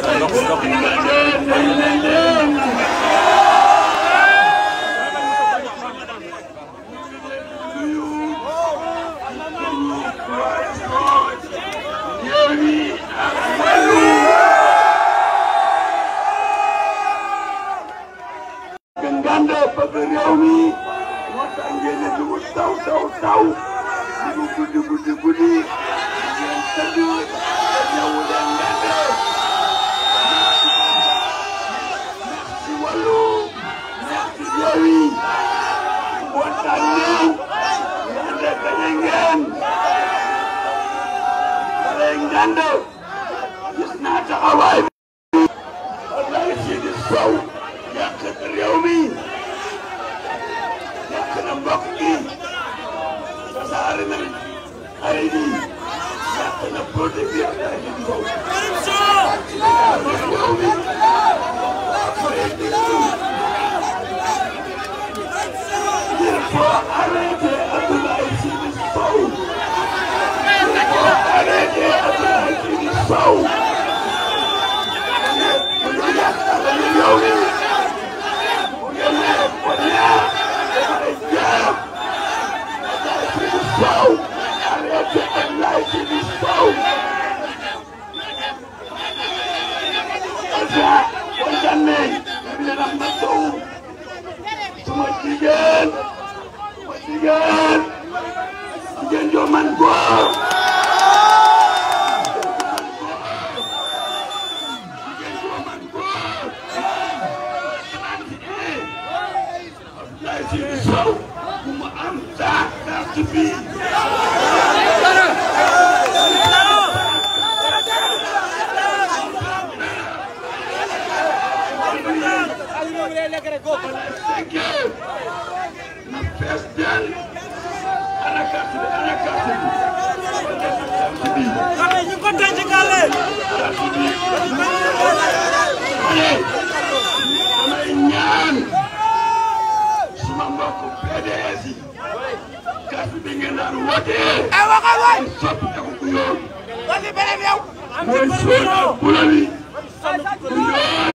からロックロ Whoa! taking life in his soul. What's that? What does that mean? That means I'm not soul. So much again. Much again. Again, your man go. to be gënaaru woote. ay waxal waay. soppi tegu ku yoon. wala beneen yow. am ci bëri bu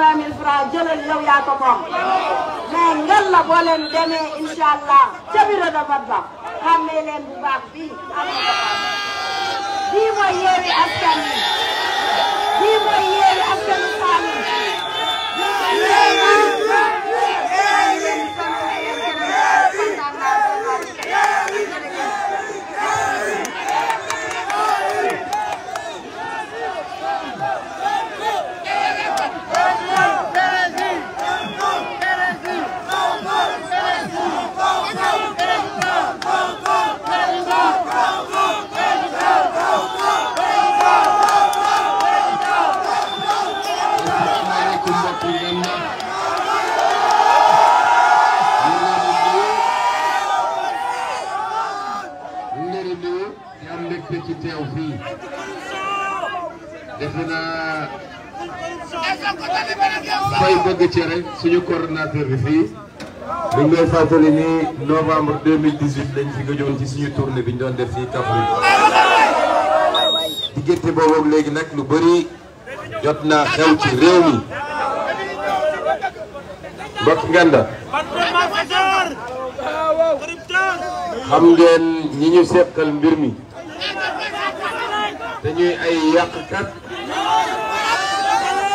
vingt mille francs jëlal yow yaa ko moom mais ngel la boo leen demee incha allah ca bureau de vote ba xàmmee leen bu baax bii bii mooy yeewi askan wi bii mooy yeewi askan wi ci teew fii defe fay bëgg cere suñu cordinateur bi fii. ñu ngi lay fàttali ni novembre 2018 lañ fi gëjoon ci suñu tournée bi ñu doon def fii Kaffrine. diggante boobu léegi nag lu bari jot naa xew ci réew mi. mbokk nganda xam ngeen ñi ñu seqal mbir mi. dañuy ay yàqkat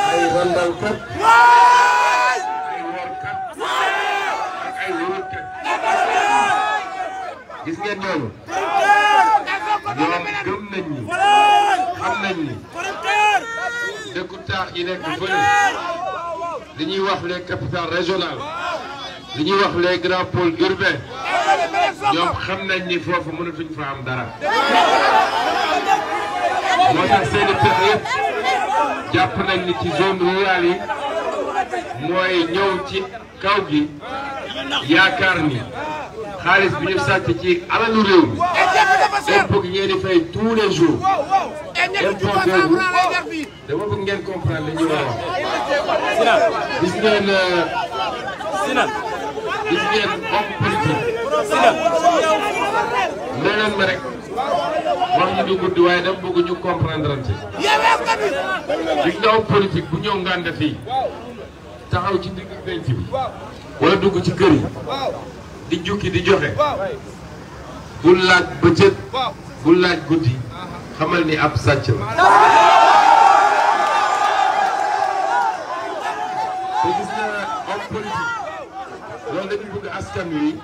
ay randalkat ay warkat ak ay wóorkat gis ngeen loolu ñoom gëm nañ ni xam nañ ni dëkku taax yi nekk fële li ñuy wax les capitales régionales li ñuy wax les grands pôles urbains ñoom xam nañ ni foofu mënatuñ fa am dara. moo tax seen i pexe yëpp jàpp nañ ni ci zone rurale yi mooy ñëw ci kaw gi yaakaar ni xaalis bi ñu sàcc ci alalu réew mi impôt eu. ngeen di fay tous les jours impôt boobu dama bëgg ngeen comprendre li ñu wax gis ngeen euh, gis ngeen politique ma rek wax ñu du dan waaye dama bëgg ñu comprendre ci di ndaw politique bu ñëw ngànd fii taxaw ci digg penc bi wala dugg ci kër yi di jukki di joxe bu laaj bëccëg bu laaj guddi xamal ni ab sàcc la bëgg askan wi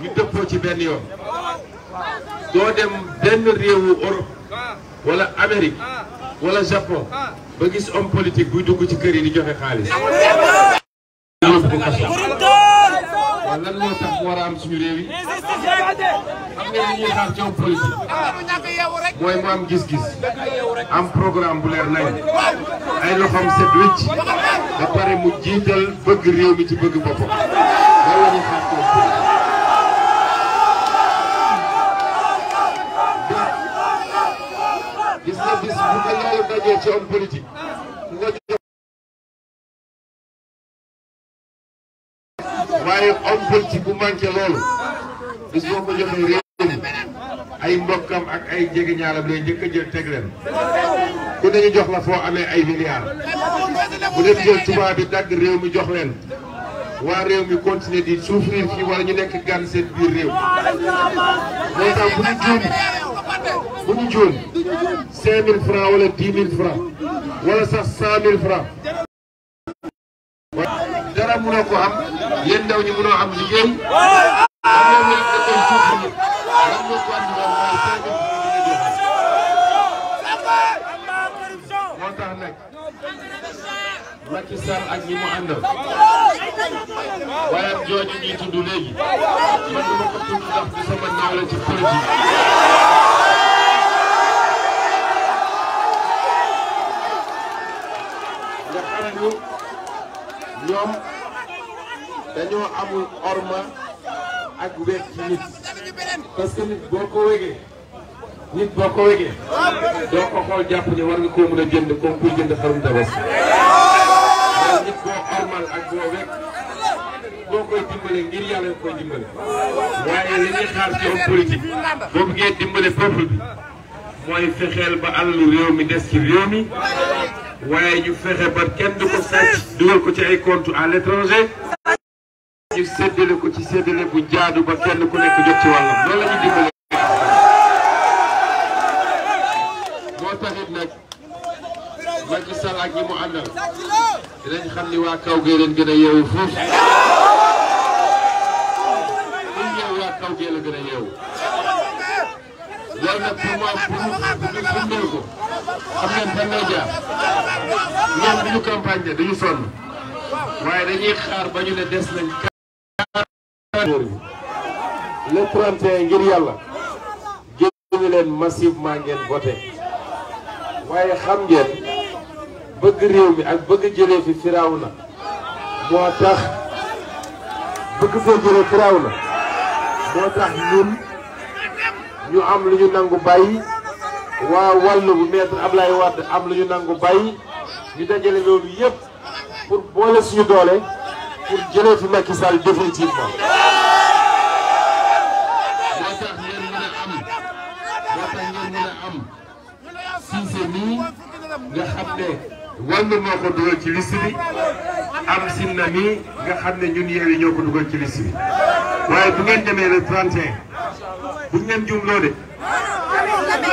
ñu dëppoo ci benn yoon doo dem benn réewu Europe wala Amérique wala Japon ba gis homme politique buy dugg ci kër yi di joxe xaalis. ñuy xaar ci homme mooy mu gis-gis am programme bu leer nañ ay loxoom set wécc ba pare mu jiital bëgg réew mi ci bëgg boppam jógee ci homme politique nga jóg waaye homme politique bu manqué loolu bis boo ko joxee réew mi ay mbokkam ak ay jegeñaalam lay njëkk a jël teg leen ku ne jox la foo amee ay milliards bu def jël tubaab bi dagg réew mi jox leen waa réew mi continuer di souffrir fii wala ñu nekk gan seen biir réew moo tax bu ñu bu ñu juum cinq mille francs wala dix mille francs wala sax cent mille francs dara mënoo ko am yéen ndaw ñi mënoo am liggéey moo tax nag Macky Sall ak ñi mu àndal waaye jooju ñuy tudd léegi man dama ko tudd ndax du sama naaw la ci politique ñooñu ñoom dañoo amul orma ak wér ci nit parce nit boo ko wégee nit boo ko wégee doo ko xool jàpp ni war nga koo mën a jënd comme kuy jënd xarum dabas mais nit boo ormal bi mooy fexeel ba alalu réew mi des ci réew waaye ñu fexe ba ko sàcc dugal ko ci ay à l'étranger ñu séddale ko ci séddale bu jaadu ba ku nekk jot ci wàllam loolu la ñu dimbale moo mu àndal dinañ xam ni waa kaw gee leen gën a yeewu fuuf buñ xam ngeen fan ba ñu ne des nañ le 31 ngir yàlla génn leen massivement ngeen voté waaye xam ngeen bëgg réew mi ak bëgg jëlee fi firaaw na moo tax bëgg fee jëlee firaaw na moo tax ñun ñu am lu ñu nangu bàyyi waaw na wàllu bu am Ablaye Wade am lu ñu nangu bàyyi ñu dajale loolu yëpp pour boole suñu doole pour jëlee fi Macky Sall définitivement. moo tax ngeen mën a am moo tax ngeen mën a am Cissé ci liste bi am xam ne ñun Yewwi ñoo ko ci liste bi waaye bu ngeen demee le 31 bu ngeen jumloo de. du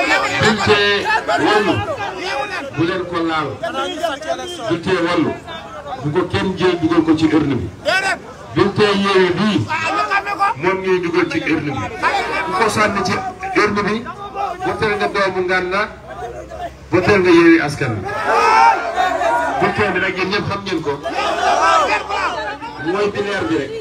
wallu bu leen ko laal du tee wallu bu ko kenn jël dugal ko ci urne bi yeewi bii moom ñuy dugal ci urne bu ko sànni ci urne bi votel nga doomu Nganda votel nga yeewi askan bi bu tee bi nag yéen ñëpp xam ko mooy bi leer bi rek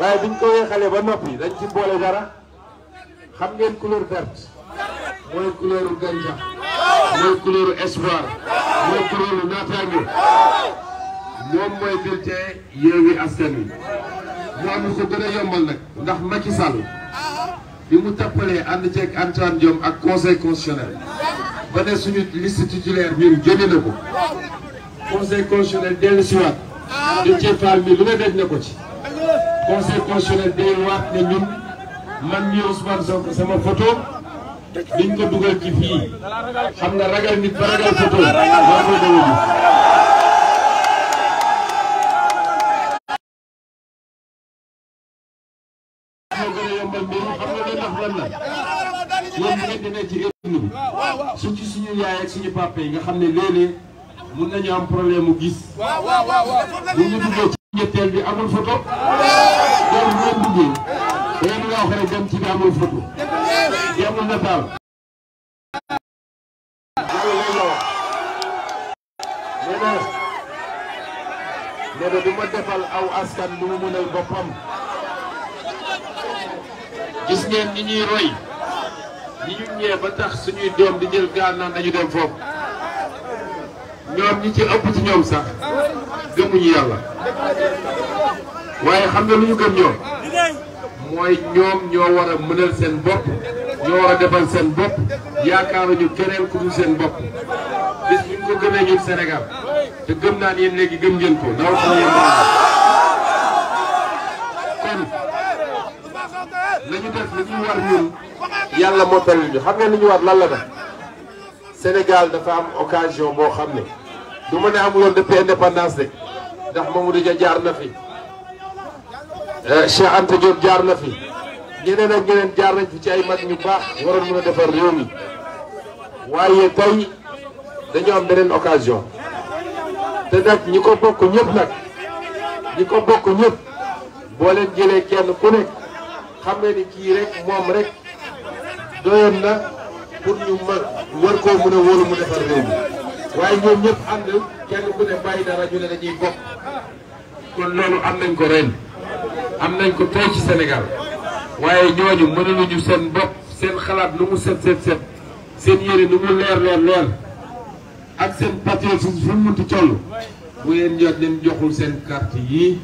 waaye biñ ko weexalee ba noppi dañ ci boole dara xam ngeen couleur verte mooy couleur gàncax mooy couleur espoir mooy couleur naataange moom mooy bulletin Yewwi Askan Wi mu am ko gën yombal nag ndax Macky sàll bi mu tappalee ànd ceeg Antoine Diome ak conseil constitutionnel ba ne suñu liste titulaire ñun génne na ko conseil constitutionnel dellu siwaat di ceefaar mi lu ne daj na ko ci conseil constitutionnel day waat ne ñun man mii Ousmane Sonko sama photo liñ ko dugal ci fii xam nga ragal nit ba ragal photo maa a ne ne ñetteel bi amul photo loolu moom duggee defal aw askan lu mu boppam gis ngeen ni ñuy roy ñi ñu ñëwee ba tax suñuy doom di jël gaal naan dañu dem foofu ñoom ñi ci ëpp ci ñoom sax gëmuñu yàlla waaye xam nga lu ñu gëm ñoom mooy ñoom ñoo war a mënal seen bopp ñoo war a defal seen bopp yaakaaruñu keneen ku dul seen bopp bis ñu ko gëmee ñun Sénégal te gëm naan yéen léegi gëm ngeen ko ndaw xam ngeen kon lañu def li ñu war ñun yàlla mottal ñu xam nga li ñu war lan la def dafa am occasion boo xam ne du ma ne amuloon depuis indépendance rek ndax Mamadou Dia jaar na fi eh, Cheikh Anta jaar na fi ñeneen ak jaar nañ fi ci ay mag ñu baax waroon mën a defar réew mi waaye tey dañoo am beneen occasion te nag ñi ko bokk ñëpp nag ñi ko bokk ñëpp boo leen jëlee kenn ku nekk xam ne ni kii rek moom rek doyoon na pour ñu mën war koo mën a wóolu mu defar réew waaye ñoom ñëpp ànd kenn ku dara ñu ne dañuy bokk kon loolu am nañ ko ren am nañ ko tey ci Sénégal waaye ñooñu mënaluñu seen bopp seen xalaat lu mu set set set seen yére nu mu leer leer leer ak seen patriotisme fu mu munti toll bu ngeen jot leen joxul seen carte yii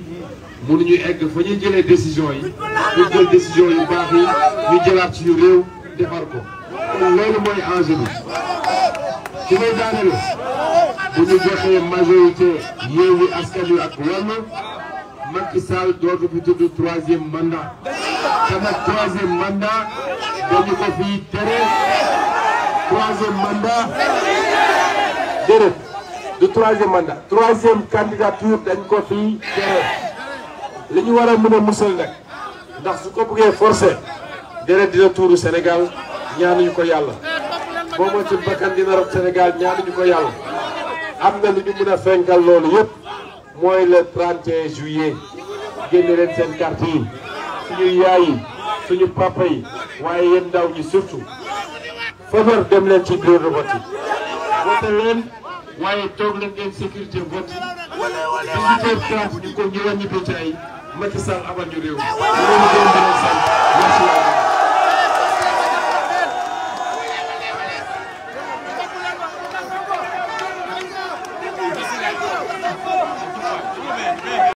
mënuñu egg fa ñu jëlee décision yi ñu jël décision yu baax yi ñu jëlaat suñu réew defar ko kon loolu mooy enjeu ci may daaneel bu ñu joxee majorité Yewwi Askan Wi ak Wallu Macky Sall dootu fi tudd troisième mandat te troisième mandat dañu ko fi tere troisième mandat déedéet du troisième dañ ko fi tere li ñu war a mën a musal ndax su ko bëggee forcer déedéet dina tuuru Sénégal ñaanuñu ko yàlla boo ma ci bakkan dina rob Sénégal ñaanuñu ko yàlla am na lu ñu mën fenkal loolu yëpp mooy le 31 juillet génne leen seen carte yi suñu yaay yi suñu papa yi waaye yéen ndaw ñi surtout faveur dem ci bureau de vote yi vote leen waaye toog leen ngeen sécurité vote yi 18h30 ñu ko ñu wàññi bétail Macky Sall amal ñu réew mi.